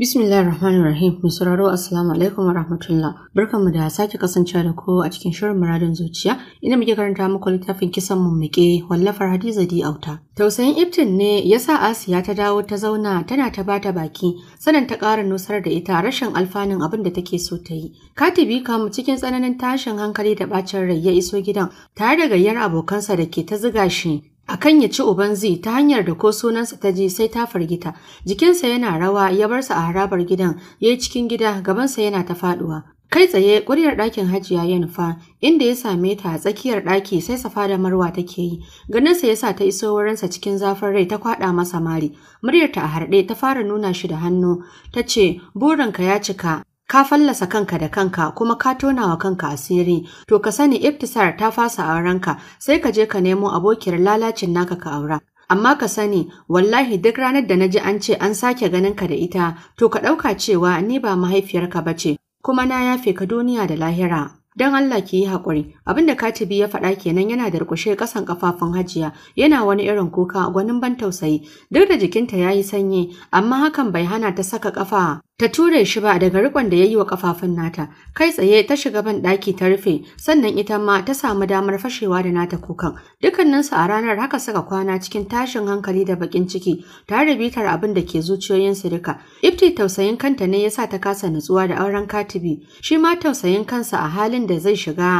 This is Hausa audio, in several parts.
Bismillah ar rahim musararo sauraro Assalamu alaikum wa rahmatullah. mu da sake kasancewa da ku a cikin shirin muradin zuciya. Ina muke karanta muku littafin kisan mu mummuke wallafar Hadiza Di Auta. Tausayin Ibtin ne ya sa Asiya ta dawo ta zauna tana ta bata baki, sanan ta ƙara nusar da ita rashin alfanun abin da take so ta yi. Katibi kamu cikin tsananin tashin hankali da bacin rai ya iso gidan tare da gayyar abokansa da ke ta ziga shi akan ya ci uban zai ta hanyar da ko sunansa ta ji sai ta fargita jikinsa yana rawa ya bar sa a harabar gidan yayi cikin gida gabansa yana ta faduwa kai tsaye ƙuryar ɗakin hajiya ya nufa inda ya same ta a tsakiyar ɗaki sai safa da marwa take yi ganinsa ya sa ta iso wurinsa cikin zafin rai ta kwaɗa masa mari muryarta a harɗe ta fara nuna shi da hannu ta ce burinka ya cika ka fallasa kanka da kanka kuma ka tona wa kanka asiri to ka sani iftisar ta fasa aurenka sai ka je ka nemo abokiyar lalacin naka ka aura amma ka sani wallahi duk ranar da naji an ce an sake ganin ka da ita to ka ɗauka cewa ni ba mahaifiyarka ba ce kuma na yafe ka duniya da lahira don Allah ki yi haƙuri da katibi ya faɗa kenan yana da rukushe ƙasan ƙafafun hajiya yana wani irin kuka gwanin ban tausayi duk da jikinta ya yi sanyi amma hakan bai hana ta saka ƙafa ta ture shi ba daga rikon da ya yi wa kafafun nata kai tsaye ta shiga ban daki ta rufe sannan ita ma ta samu damar fashewa da nata kukan dukkaninsu a ranar haka suka kwana cikin tashin hankali da bakin ciki tare bitar abin da ke zuciyoyin su duka ifti tausayin kanta ne yasa ta kasa nutsuwa da auren katibi shi ma tausayin kansa a halin da zai shiga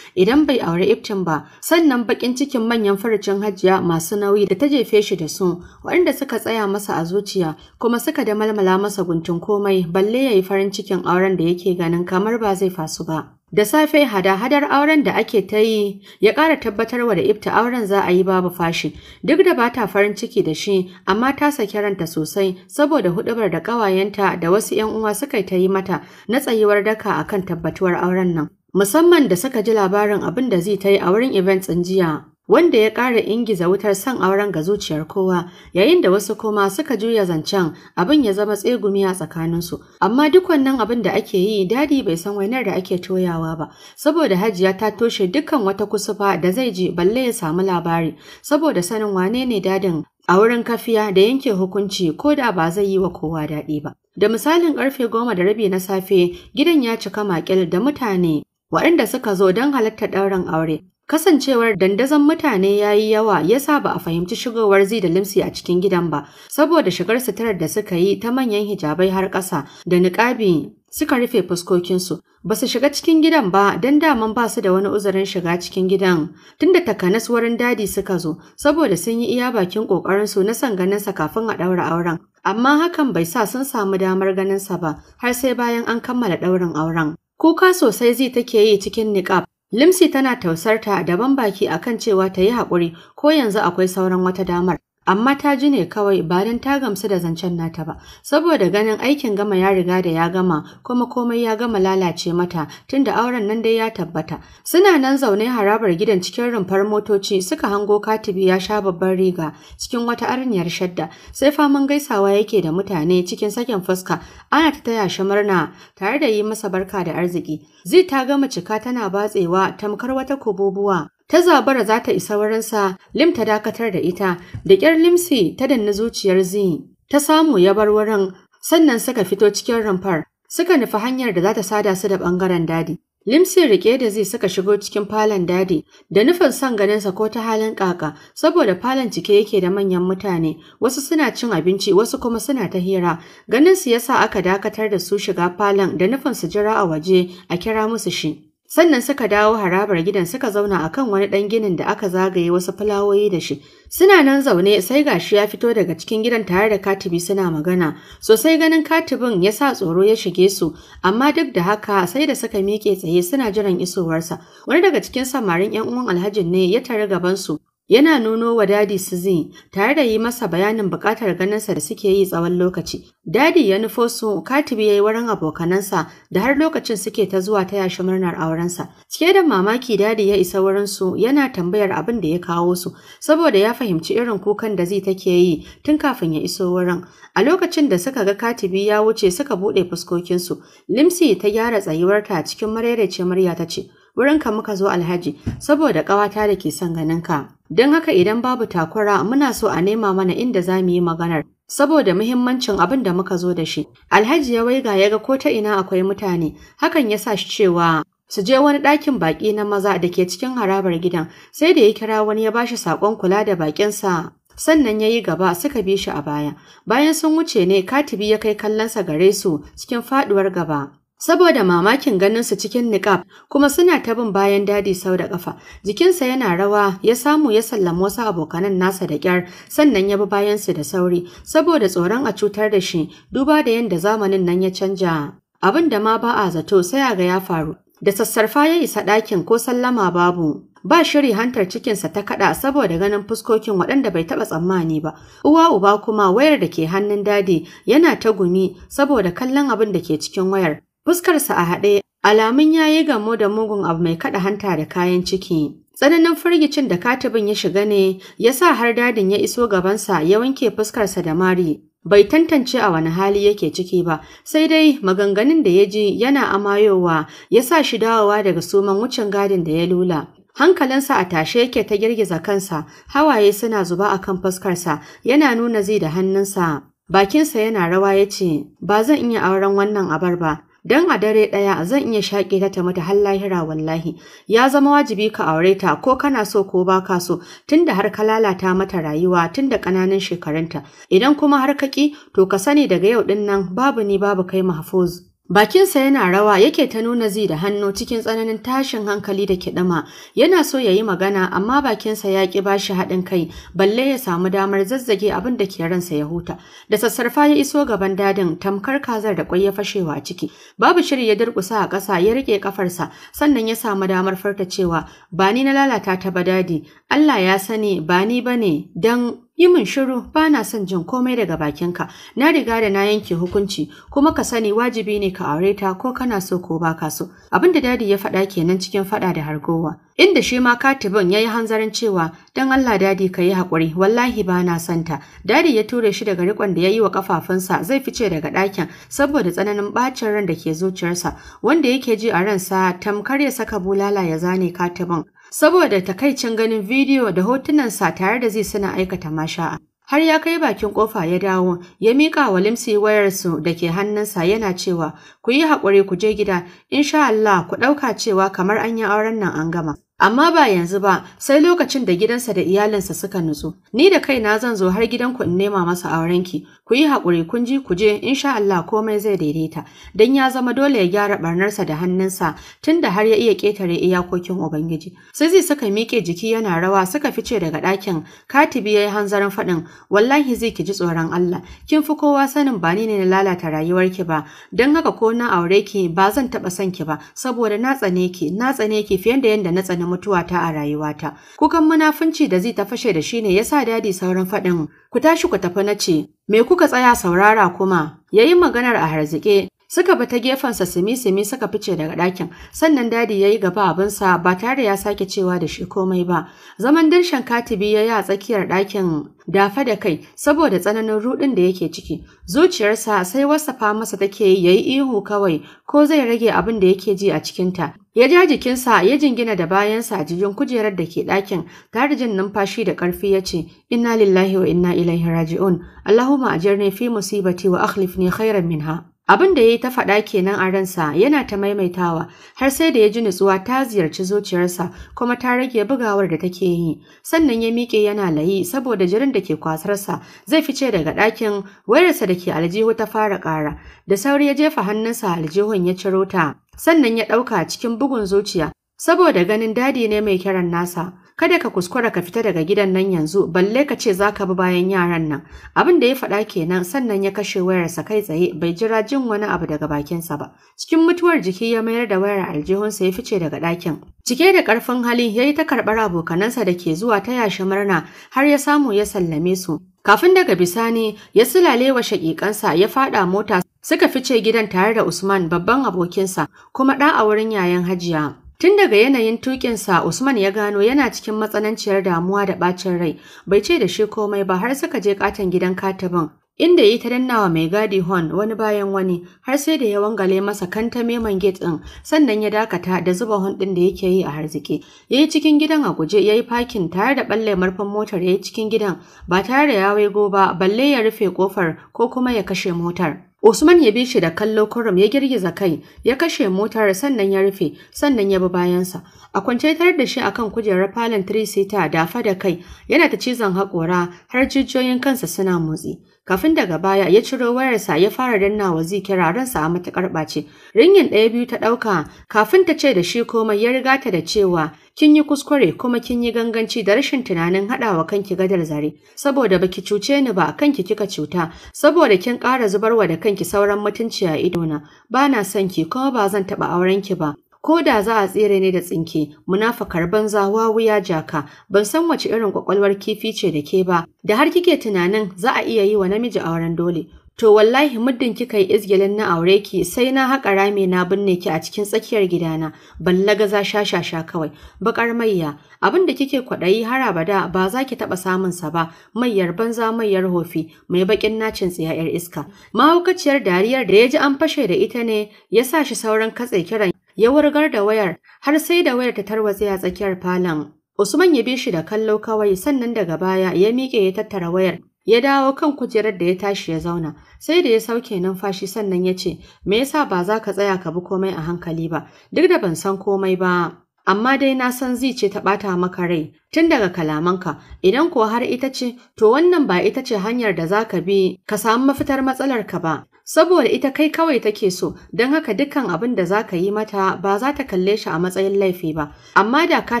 idan bai aure iftin ba sannan bakin cikin manyan farcin hajiya masu nauyi da ta jefe shi da su waɗanda suka tsaya masa a zuciya kuma suka da malmala masa guntun komai balle ya yi farin cikin auren da yake ganin kamar ba zai fasu ba. Da safe hada-hadar auren da ake ta yi ya ƙara wa da ifta auren za a yi babu fashi duk da ba ta farin ciki da shi amma ta saki ranta sosai saboda hudubar da ƙawayenta da wasu 'yan uwa suka ta yi mata na tsayuwar daka akan tabbatuwar auren nan. Musamman da suka ji labarin abin da zai ta yi a wurin events ɗin jiya wanda ya ƙara ingiza wutar son auren ga zuciyar kowa yayin da wasu kuma suka juya zancen abin ya zama tsegumi a tsakaninsu amma duk wannan abin da ake yi dadi bai san wainar da ake toyawa ba saboda hajiya ta toshe dukkan wata kusufa da zai ji balle ya samu labari saboda sanin wane ne dadin a wurin kafiya da yanke hukunci ko da ba zai yi wa kowa daɗi ba. Da misalin karfe goma da rabi na safe gidan ya cika makil da mutane waɗanda suka zo don halatta ɗaurin aure Kasancewar dandazon mutane ya yi yawa ya sa ba a fahimci shigowar zi da limsi a cikin gidan ba, saboda shigar suturar da suka yi ta manyan hijabai har ƙasa da niƙabi suka rufe fuskokinsu. Ba su shiga cikin gidan ba don daman ba su da wani uzurin shiga cikin gidan. Tunda takanas wurin dadi suka zo, saboda sun yi iya bakin ƙoƙarinsu na sanganinsa kafin a ɗaura auren. Amma hakan bai sa sun samu damar ganinsa ba, har sai bayan an kammala ɗaurin auren. Kuka sosai zai take yi cikin niƙab Limsi tana tausarta daban daban baki akan cewa ta yi haƙuri ko yanzu akwai sauran wata damar. amma ta ji ne kawai ba don ta gamsu da zancen nata ba saboda ganin aikin gama ya riga da ya gama kuma komai ya gama lalace mata tunda auren nan dai ya tabbata suna nan zaune harabar gidan cikin rumfar motoci suka hango katibi ya sha babban riga cikin wata arniyar shadda sai faman gaisawa yake da mutane cikin sakin fuska ana ta taya shi murna tare da yi masa barka da arziki zai ta gama cika tana batsewa tamkar wata kububuwa ta zabara za ta isa wurinsa lim ta dakatar da ita da ƙyar limsi ta danna zuciyar zi ta samu ya bar wurin sannan suka fito cikin rumfar suka nufi hanyar da za ta sada su da ɓangaren dadi limsi rike da zai suka shigo cikin falon dadi da nufin son ganinsa ko ta halin ƙaƙa, saboda falon cike yake da manyan mutane wasu suna cin abinci wasu kuma suna ta hira ganinsu su yasa aka dakatar da su shiga falon da nufin su jira a waje a kira musu shi Sannan suka dawo harabar gidan suka zauna a kan wani ɗan ginin da aka zagaye wasu fulawoyi da shi. Suna nan zaune sai gashi ya fito daga cikin gidan tare da katibi suna magana. Sosai ganin katibin ya sa tsoro ya shige su, amma duk da haka sai da suka miƙe tsaye suna jiran isowarsa. Wani daga cikin samarin 'yan uwan alhajin ne ya tare gabansu Yana nuno wa dadi Suzy tare da yi masa bayanin bukatar ganinsa da suke yi tsawon lokaci. Dadi ya nufo su katibi ya yi wurin abokanansa da har lokacin suke ta zuwa ta yashi murnar aurensa. Cike da mamaki dadi ya isa wurin su yana tambayar abin da ya kawo su saboda ya fahimci irin kukan da zai take yi tun kafin ya iso wurin. A lokacin da suka ga katibi ya wuce suka buɗe fuskokinsu, Limsi ta gyara tsayuwarta cikin maraice murya ta ce, Wurin ka muka zo alhaji saboda ƙawata da ke son ganin ka. Don haka idan babu takura muna so a nema mana inda za mu yi maganar saboda muhimmancin abin da muka zo da shi. Alhaji ya waiga ya ga ko ta ina akwai mutane, hakan ya sa shi cewa su je wani ɗakin baƙi na maza da ke cikin harabar gidan sai da ya kira wani ya bashi saƙon kula da baƙinsa sannan ya yi gaba suka bi shi a baya bayan sun wuce ne katibi ya kai kallonsa gare su cikin faɗuwar gaba saboda mamakin ganinsu cikin niqab kuma suna ta bin bayan dadi sau da kafa jikinsa yana rawa ya samu ya sallama wasu abokanan nasa da kyar sannan ya bi bayansu da sauri saboda tsoron a cutar da shi duba da yadda zamanin nan ya canja abin da ma ba a zato sai ga ya faru da sassarfa ya isa ɗakin ko sallama babu ba shiri hantar cikinsa ta kada saboda ganin fuskokin waɗanda bai taɓa tsammani ba uwa uba kuma wayar da ke hannun dadi yana ta gumi saboda kallon abin da ke cikin wayar Fuskarsa a haɗe, alamun ya yi gamo da mugun abu mai kaɗa hanta da kayan ciki. Tsananin firgicin da katibin ya shiga ne, ya sa har dadin ya iso gabansa ya wanke fuskarsa da mari. Bai tantance a wani hali yake ciki ba, sai dai maganganun da ya ji yana amayowa ya sa shi dawowa daga suman wucin gadin da ya lula. Hankalinsa a tashe yake ta girgiza kansa, hawaye suna zuba a kan fuskarsa, yana nuna zai da hannunsa. Bakinsa yana rawa ya ce, Ba zan iya auren wannan abar ba, dan a dare ɗaya zan iya shaƙe ta ta mata har lahira wallahi ya zama wajibi ka aure ta ko kana so ko ba ka so tunda har ka lalata mata rayuwa tunda ƙananan shekarunta idan kuma har ka ƙi to ka sani daga yau ɗin nan babu ni babu kai mahfuz Bakinsa yana rawa yake ta nuna zi da hannu cikin tsananin tashin hankali da kiɗima. Yana so ya yi magana amma bakinsa ya ƙi ba shi haɗin kai balle ya samu damar zazzage abin da ke ransa ya huta. Da sassarfa ya iso gaban dadin tamkar kazar da kwai ya fashewa ciki. Babu shiri ya durƙusa a ƙasa ya riƙe ƙafarsa sannan ya samu damar farta cewa ba ni na lalata ta ba dadi. Allah ya sani ba ni ba ne don Yi min shiru ba na son jin komai daga bakinka, na riga da na yanke hukunci kuma ka sani wajibi ne ka aure ta ko kana so ko ba ka so. Abin da dadi ya faɗa kenan cikin faɗa da hargowa. Inda shi ma katibin ya yi hanzarin cewa don Allah dadi ka yi haƙuri wallahi ba na son ta. Dadi ya ture shi daga rikon da ya yi wa ƙafafunsa zai fice daga ɗakin saboda tsananin ɓacin ran da ke zuciyarsa wanda yake ji a ransa tamkar ya saka bulala ya zane katibin. saboda takaicin ganin bidiyo da hotunansa tare da zai suna aikata masha'a. Har ya kai bakin kofa ya dawo, ya miƙa wa limsi wayarsu da ke hannunsa yana cewa, ku yi haƙuri ku je gida, insha Allah ku ɗauka cewa kamar an yi auren nan an gama. amma ba yanzu ba sai lokacin da gidansa da iyalinsa suka nutsu ni da kai na zan zo har gidanku in nema masa aurenki ku yi haƙuri kun ji ku je in sha Allah komai zai daidaita dan ya zama dole ya gyara barnarsa da hannunsa tun da har ya iya ketare iyakokin ubangiji sai zai suka miƙe jiki yana rawa suka fice daga ɗakin katibi yayi hanzarin faɗin wallahi zai ki ji tsoron Allah kin fi kowa sanin ba ni ne na lalata rayuwarki ba don haka ko na aure ki ba zan taɓa son ki ba saboda na tsane ki na tsane ki fiye da yadda na tsane mutuwata a rayuwata. Kukan munafunci da zai ta fashe da shi ne ya sa dadi sauran faɗin. Ku tashi ku tafi na ce, me kuka tsaya saurara kuma? Ya yi maganar a harzike, Suka bi ta gefensa sumi-sumi suka fice daga ɗakin, sannan dadi ya yi gaba abinsa ba tare ya sake cewa da shi komai ba. Zaman dirshan katibi ya yi a tsakiyar ɗakin dafa da kai saboda tsananin ruɗin da yake ciki. Zuciyarsa sai wasafa masa take ya yi ihu kawai ko zai rage abin da yake ji a cikinta. Ya ja jikinsa ya jingina da bayansa a jirgin kujerar da ke ɗakin, tare jin numfashi da ƙarfi ya ce, Inna lillahi wa inna ilaihi raji'un, Allahumma ajirni fi musibati wa akhlifni khairan minha. Abin da ya yi ta faɗa kenan a ransa yana ta maimaitawa har sai da ya ji nutsuwa ta ziyarci zuciyarsa kuma ta rage bugawar da take yi. Sannan ya miƙe yana layi saboda jirin da ke kwasarsa zai fice daga ɗakin wayarsa da ke aljihu ta fara ƙara. Da sauri ya jefa hannunsa aljihun ya ciro ta. Sannan ya ɗauka cikin bugun zuciya saboda ganin dadi ne mai kiran nasa. kada ka kuskura ka fita daga gidan nan yanzu balle ka ce za ka bi bayan yaran nan abin da ya faɗa kenan sannan ya kashe wayarsa kai tsaye bai jira jin wani abu daga bakinsa ba cikin mutuwar jiki ya mayar da wayar aljihunsa ya fice daga ɗakin cike da ƙarfin hali ya yi ta karɓar abokanansa da ke zuwa ta yashi murna har ya samu ya sallame su kafin daga bisani ya sulale wa shaƙiƙansa ya faɗa mota suka fice gidan tare da Usman babban abokinsa kuma ɗa a wurin yayan Hajiya. Tun daga yanayin tukinsa Usman ya gano yana cikin matsananciyar damuwa da ɓacin rai, bai ce da shi komai ba har suka je katon gidan katibin. Inda yi ta dannawa mai gadi hon wani bayan wani har sai da ya wangale masa kanta meman gate ɗin sannan ya dakata da zuba hon ɗin da yake yi a harziki. Ya yi cikin gidan a guje ya yi fakin tare da ɓalle marfan motar ya yi cikin gidan ba tare da ya waigo ba balle ya rufe ƙofar ko kuma ya kashe motar. Usman ya bi shi da kallo kurum ya girgiza kai, ya kashe motar sannan ya rufe, sannan ya bi bayansa. A kwance tar da shi akan kujerar falon 3 sita dafa da kai, yana ta cizon haƙora har jijiyoyin kansa suna motsi. kafin daga baya ya ciro wayarsa ya fara danna wa zikira ransa a matakar ɓace. Ringin ɗaya biyu ta ɗauka kafin ta ce da shi komai ya riga ta da cewa kin yi kuskure kuma kin yi ganganci da rashin tunanin haɗawa kanki gadar zare saboda baki cuce ni ba kanki kika cuta saboda kin ƙara zubarwa da kanki sauran mutunci a idona ba na son ki kuma ba zan taɓa aurenki ba ko da za a tsere ne da tsinke munafakar banza wawuya jaka ban san wace irin kwakwalwar kifi ce da ke ba da har kike tunanin za a iya yi wa namiji auren dole to wallahi muddin kika yi izgilin na aure ki sai na haƙa rami na binne ki a cikin tsakiyar gidana ballaga za shashasha kawai bakar mayya abin da kike kwaɗayi har abada ba za ki taɓa samun sa ba mayyar banza mayyar hofi mai baƙin nacin tsiyayar iska mahaukaciyar dariyar da ya ji an fashe da ita ne ya sa shi sauran katse kiran ya wurgar da wayar har sai da wayar ta tarwatse a tsakiyar falon. Usman ya bi shi da kallo kawai sannan daga baya ya miƙe ya tattara wayar ya dawo kan kujerar da ya tashi ya zauna sai da ya sauke numfashi sannan ya ce me yasa ba za ka tsaya ka bi komai a hankali ba duk da ban san komai ba amma dai na san zai ce ta ɓata maka rai tun daga kalamanka idan ko har ita ce to wannan ba ita ce hanyar da za ka bi ka samu mafitar matsalar ka ba saboda ita kai kawai take so don haka dukkan abin da za ka yi mata ba za ta kalle shi a matsayin laifi ba amma da ka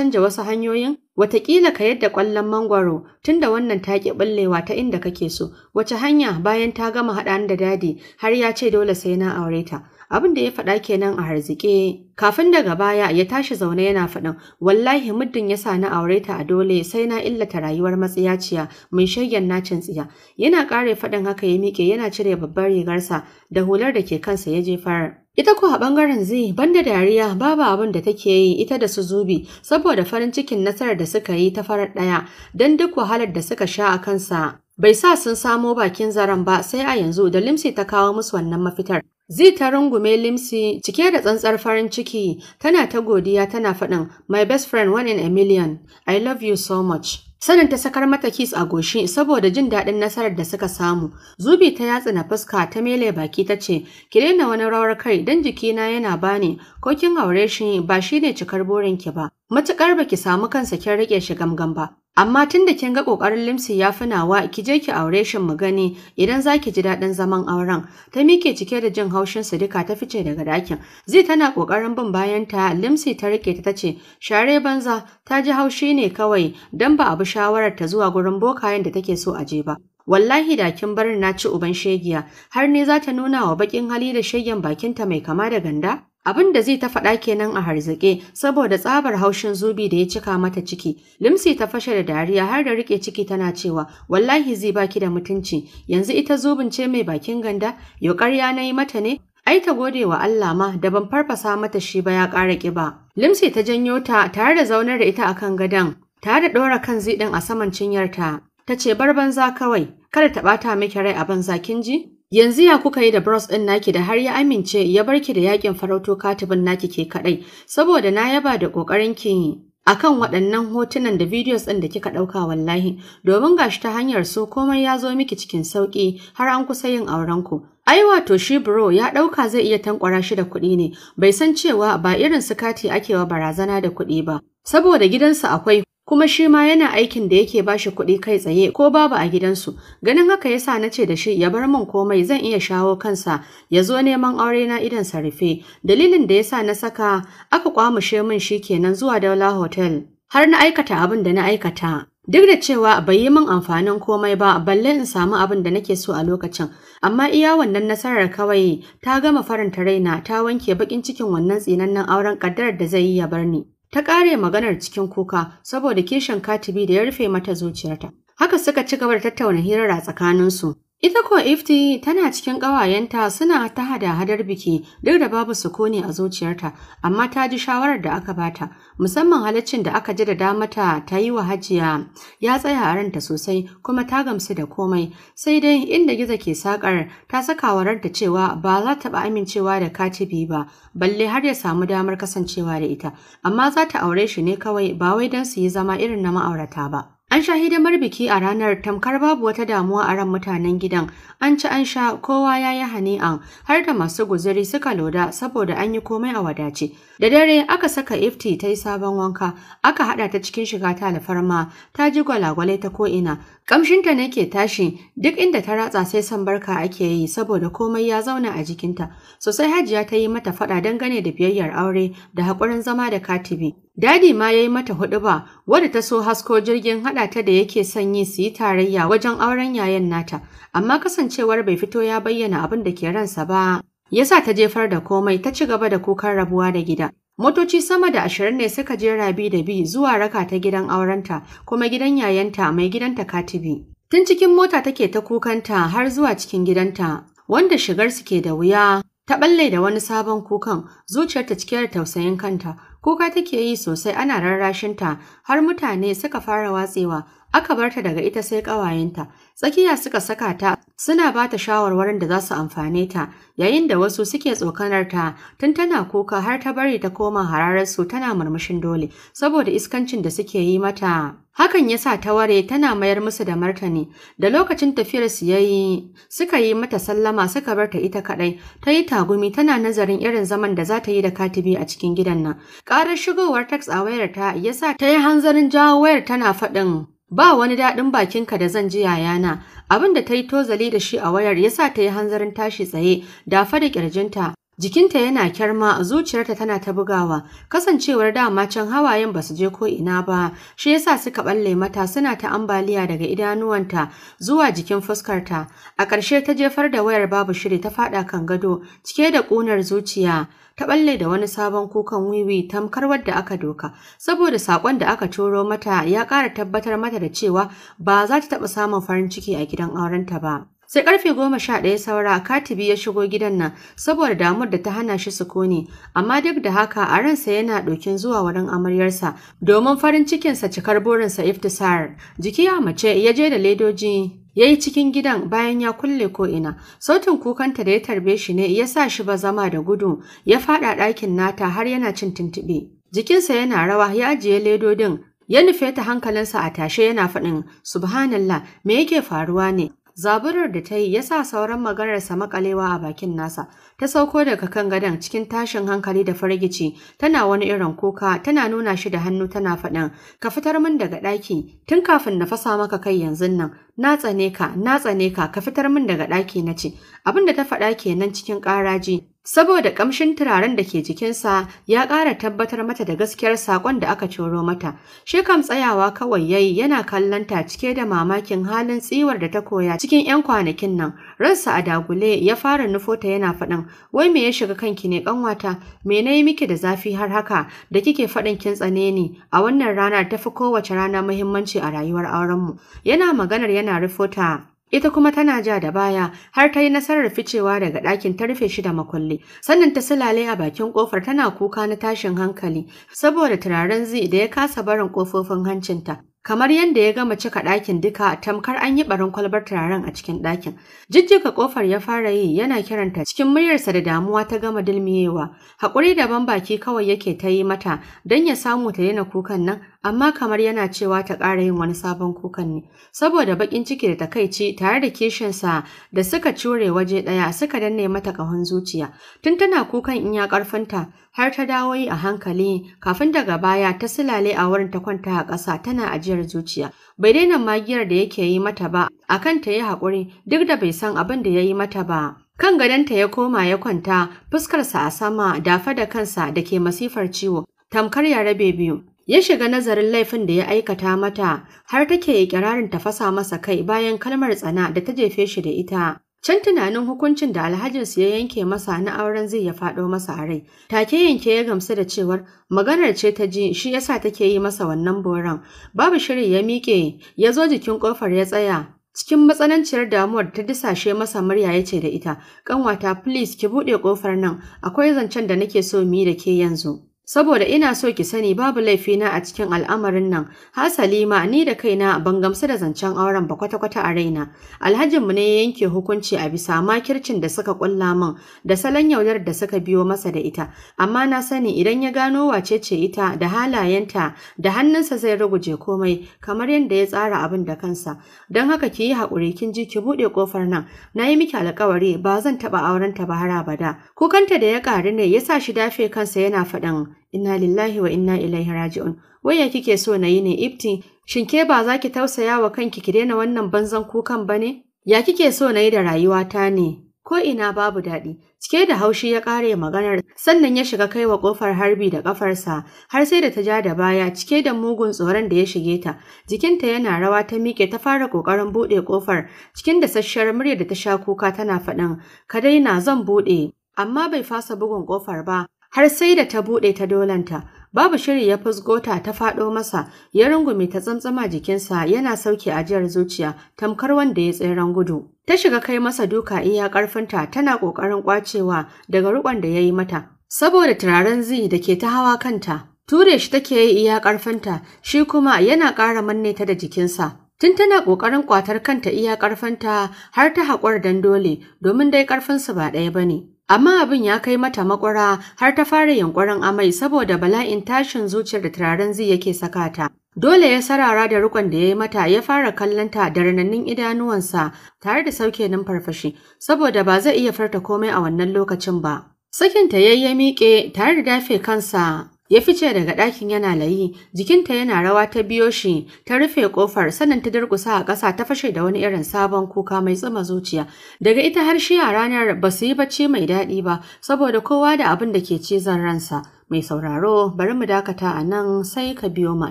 canja wasu hanyoyin Wataƙila ka yadda kwallon mangwaro tunda wannan ta ƙi ɓullewa ta inda kake so, wace hanya bayan ta gama haɗa da dadi har ya ce dole sai na aure ta. abin da ya faɗa kenan a harzike kafin daga baya ya tashi zaune yana faɗin wallahi muddin ya sa na aure ta a dole sai na illata rayuwar matsiyaciya mun shayyan nacin tsiya yana ƙare faɗin haka ya miƙe yana cire babbar rigarsa da hular da ke kansa ya jefar Ita ko a ɓangaren zai da dariya babu abin da take yi ita da su zubi saboda farin cikin nasarar da suka yi ta farar ɗaya don duk wahalar da suka sha a kansa bai sa sun samo bakin zaren ba sai a yanzu da limsi ta kawo musu wannan mafitar Zai ta rungume Limsi cike da tsantsar farin ciki, tana ta godiya tana faɗin, My best friend one in a million, I love you so much. Sanin ta sakar mata kis a goshi saboda jin daɗin nasarar da suka samu. Zubi ta yatsa na fuska ta mele baki ta ce, Ki daina wani rawar kai don jikina yana bani, ko kin aure shi ba shi ne cikar ki ba. Matukar baki samu kansa kin riƙe shi gamgam ba. Amma tun da kin ga ƙoƙarin limsi ya fi nawa ki je ki aure shin mu gani idan za ki ji daɗin zaman auren. Ta mike cike da jin haushin Sidika ta fice daga ɗakin. Zai tana ƙoƙarin bin bayan ta limsi ta rike ta tace share banza ta ji haushi ne kawai dan ba abu shawarar ta zuwa gurin bokayen da take so a je ba. Wallahi da kin barin na ci uban shegiya har ne za ta nuna wa baƙin hali da shegen bakinta mai kama da ganda? Abin da zai ta faɗa kenan a harzaƙe saboda tsabar haushin zubi da ya cika mata ciki. Limsi ta fashe da dariya har da rike ciki tana cewa wallahi zai baki da mutunci yanzu ita zubin ce mai bakin ganda yau ƙarya na yi mata ne ai ta gode wa Allah ma da ban farfasa mata shi ba ya ƙara ƙiba. Limsi ta janyo ta tare da zaunar da ita akan gadon tare da ɗora kan zidin a saman cinyarta ta ce bar banza kawai kada ta ɓata miki rai a banza kin ji Yanzu ya kuka yi da bros ɗin naki da har ya amince ya barki da yakin farauto katibin naki ke kaɗai, saboda na yaba da ƙoƙarin a kan waɗannan hotunan da videos ɗin da kika ɗauka wallahi, domin gashi ta hanyar su komai ya zo miki cikin sauƙi har an kusa yin aurenku. Ai wato shi bro ya ɗauka zai iya tankwara shi da kuɗi ne, bai san cewa ba irin su kati ake wa barazana da kuɗi ba. Saboda gidansa akwai kuma shi ma yana aikin da yake ba shi kuɗi kai tsaye ko babu a gidansu ganin haka ya sa na ce da shi ya bar min komai zan iya shawo kansa ya zo neman aure na idan sa dalilin da ya sa na saka aka kwamushe min shi kenan zuwa Daula Hotel har na aikata abin da na aikata Duk da cewa bai yi min amfanin komai ba, balle in samu abin da nake so a lokacin, amma iya wannan nasarar kawai ta gama faranta raina ta wanke bakin cikin wannan tsinannen auren kaddarar da zai yi ya bar ni. Ta ƙare maganar cikin kuka saboda kishin katibi da ya rufe mata zuciyarta. Haka suka ci gaba da tattauna hirar a tsakaninsu. Ita ko Ifti tana cikin ƙawayenta suna ta hada-hadar biki duk da babu sukuni a zuciyarta, amma ta ji shawarar da aka bata, musamman halaccin da aka ji da damata ta yi wa hajiya ya tsaya a ranta sosai kuma ta gamsu da komai, sai dai inda giza ke sakar ta saka wa ranta cewa ba za ta ba amincewa da katibi ba, balle har ya samu damar kasancewa da ita, amma za ta aure shi ne kawai ba wai don su yi zama irin na ma'aurata ba. An sha hidimar biki a ranar tamkar babu wata damuwa a ran mutanen gidan. An ci an sha kowa ya yi hani'an har da masu guzuri suka loda saboda an yi komai a wadace. Da dare aka saka ifti ta yi sabon wanka, aka haɗa ta cikin shiga ta alfarma, ta ji gwalagwalai ta ko'ina. Kamshinta ne ke tashi duk inda ta ratsa sai san barka ake yi saboda komai ya zauna a jikinta. Sosai hajiya ta yi mata faɗa dangane da biyayyar aure da haƙurin zama da katibi. Dadi ma ya yi mata ba, wadda ta so hasko jirgin haɗa ta da yake son yi su yi tarayya wajen auren yayan nata, amma kasancewar bai fito ya bayyana abin da ke ransa ba. Ya sa ta jefar da komai ta ci gaba da kukan rabuwa da gida. Motoci sama da ashirin ne suka je rabi da bi zuwa raka ta gidan aurenta kuma gidan yayanta mai gidanta katibi. Tun cikin mota take ta kukanta har zuwa cikin gidanta wanda shigar suke da wuya Ta balle da wani sabon kukan, zuciyarta cike da tausayin kanta, kuka take yi sosai ana rarrashinta har mutane suka fara watsewa, aka barta daga ita sai ƙawayenta. Tsakiya suka saka ta suna ba ta shawarwarin da za su amfane ta yayin da wasu suke tsokanar ta tun tana kuka har ta bari ta koma hararsu tana murmushin dole saboda iskancin da suke yi mata hakan ya sa ta ware tana mayar musu da martani da lokacin tafiyar su yi suka yi mata sallama suka bar ta ita kaɗai, ta yi tagumi tana nazarin irin zaman da za ta yi da katibi a cikin gidan nan karar shigowar tax a wayar ta ya sa ta yi hanzarin jawo wayar tana faɗin Ba wani daɗin bakinka da zan ji yayana, abin da ta yi tozali da shi a wayar ya sa ta yi hanzarin tashi tsaye, dafa da ƙirjinta, jikinta yana kyarma zuciyarta tana ta bugawa kasancewar dama can hawayen ba su je ko ina ba shi ya sa suka ɓalle mata suna ta ambaliya daga idanuwanta zuwa jikin fuskarta a ƙarshe ta jefar da wayar babu shiri ta faɗa kan gado cike da ƙunar zuciya ta balle da wani sabon kukan wiwi tamkar wadda aka doka saboda sakon da aka turo mata ya ƙara tabbatar mata da cewa ba za ta taɓa samun farin ciki a gidan aurenta ba. Sai karfe goma sha ɗaya saura katibi ya shigo gidan nan saboda damar da ta hana shi sukuni, amma duk da haka a ransa yana ɗokin zuwa wurin amaryarsa domin farin cikinsa cikar burinsa iftisar. Jiki ya mace ya je da ledoji Ya yi cikin gidan bayan ya kulle ko'ina, sautin kukanta da ya tarbe shi ne ya sa shi ba zama da gudu, ya faɗa ɗakin nata har yana cin tuntuɓe. Jikinsa yana rawa ya ajiye ledodin, ya nufe ta hankalinsa a tashe yana faɗin, Subhanallah, me yake faruwa ne? Zaburar da ta yi ya sa sauran magararsa makalewa a bakin nasa, ta sauko daga kan gadon cikin tashin hankali da firgici, tana wani irin kuka, tana nuna shi da hannu tana faɗin, ka fitar min daga ɗaki, tun kafin na fasa maka kai yanzu nan, na tsane ka, na tsane ka, ka fitar min daga ɗaki na ce, abin da ta faɗa kenan cikin ƙaraji, Saboda ƙamshin turaren da ke jikinsa ya ƙara tabbatar mata da gaskiyar saƙon da aka coro mata, shi kam tsayawa kawai yayi yana kallon ta cike da mamakin halin tsiwar da ta koya cikin 'yan kwanakin nan, ransa a dagule ya fara nufota yana faɗin, wai me ya shiga kanki ne ƙanwata, me na yi miki da zafi har haka da kike faɗin kin tsane ni a wannan ranar tafi kowace rana muhimmanci a rayuwar aurenmu. Yana maganar yana rufota Ita kuma tana ja da baya har ta yi nasarar ficewa daga ɗakin ta rufe shi da makulli. Sannan ta sulale a bakin ƙofar tana kuka na tashin hankali saboda turaren zai da ya kasa barin ƙofofin hancinta. Kamar yadda ya gama cika ɗakin duka, tamkar an yi barin kwalbar turaren a cikin ɗakin. Jijjiga ƙofar ya fara yi yana kiranta cikin muryarsa da damuwa ta gama dilmiyewa. Haƙuri da baki kawai yake ta yi mata don ya samu ta daina kukan nan, amma kamar yana cewa ta ƙara yin wani sabon kukan ne. Saboda baƙin ciki da takaici tare da kishinsa da suka cure waje ɗaya suka danne mata ƙahon zuciya. Tun tana kukan in ya ƙarfinta, har ta dawo yi a hankali kafin daga baya ta silale a wurin ta kwanta a ƙasa tana ajiyar zuciya. Bai daina magiyar da yake yi mata ba, A kan ta yi haƙuri duk da bai san abin da ya yi mata ba. Kan gadonta ya koma ya kwanta, fuskarsa a sama dafa da kansa da ke masifar ciwo, tamkar ya rabe biyu. Ya shiga nazarin laifin da ya aikata mata, har take ikirarin tafasa masa kai bayan kalmar tsana da ta jefe shi da ita. Can tunanin hukuncin da alhajinsu ya yanke masa na auren zai ya faɗo masa a rai, take yanke ya gamsu da cewar maganar ce ta ji shi yasa take yi masa wannan boran. Babu shirin ya miƙe ya zo jikin ƙofar ya tsaya. Cikin matsananciyar damuwar ta disashe masa murya ya ce da ita, ƙanwata please ki buɗe ƙofar nan, akwai zancen da nake so mu yi da ke yanzu. saboda ina so ki sani babu laifina a cikin al'amarin nan hasali ma ni da kaina ban gamsu da zancen auren ba kwata-kwata a raina alhajinmu ne ya yanke hukunci a bisa makircin da suka kulla min da salon yaudar da suka biyo masa da ita amma na sani idan ya gano wace ce ita da halayenta da hannunsa zai ruguje komai kamar yadda ya tsara abin da kansa don haka ki yi haƙuri kin ji ki buɗe ƙofar nan na yi miki alƙawari ba zan taɓa aurenta ba har abada kukanta da ya ƙari ne ya sa shi dafe kansa yana faɗin inna lillahi wa inna ilaihi raji'un waya kike so nayi ne ifti shin ke ba zaki tausaya wa kanki ki daina wannan banzan kukan ba ne ya kike so na yi da ta ne ko ina babu daɗi cike da haushi ya kare maganar sannan ya shiga kaiwa ƙofar harbi da ƙafarsa har sai da ta ja da baya cike da mugun tsoron da ya shige ta jikinta yana rawa ta miƙe ta fara ƙoƙarin buɗe ƙofar cikin da sashiyar murya da ta sha kuka tana faɗin ka daina zan buɗe amma bai fasa bugun ƙofar ba har sai da ta buɗe ta dolanta. Babu shiri ya fusgota ta faɗo masa, ya rungume ta tsantsama jikinsa yana sauke ajiyar zuciya tamkar wanda ya tseren gudu. Ta shiga kai masa duka iya ƙarfinta tana ƙoƙarin ƙwacewa daga rukon da ya yi mata. Saboda turaren zi da ke ta hawa kanta, ture shi take yi iya ƙarfinta, shi kuma yana ƙara manne ta da jikinsa. Tun tana ƙoƙarin kwatar kanta iya ƙarfinta har ta haƙwar dandole, domin dai ƙarfinsu ba ɗaya ba ne. Amma abin ya kai mata makwara har ta fara yunkurin amai saboda bala'in tashin zuciyar da turaren zai yake sakata. Dole ya sarara da rukon da ya yi mata ya fara kallonta da ranannin idanuwansa tare da sauke numfarfashi saboda ba zai iya farta komai a wannan lokacin ba. Sakinta ya yi miƙe tare da dafe kansa Ya fice daga ɗakin yana layi, jikinta yana rawa ta biyo shi, ta rufe ƙofar sannan ta durƙusa a ƙasa ta fashe da wani irin sabon kuka mai tsuma zuciya. Daga ita har shi a ranar ba su yi bacci mai daɗi ba, saboda kowa da abin da ke cizon ransa. Mai sauraro, bari mu dakata a nan sai ka biyo ma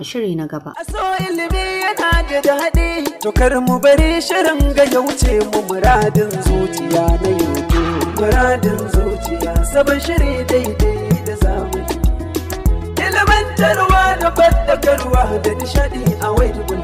shiri na gaba. Aso ilimi yana da daɗi, to kar mu bari shirin ga ya wuce mu muradin zuciya na Muradin zuciya, sabon shiri daidai. Ilimantarwa da fadakarwa da nishadi a waidu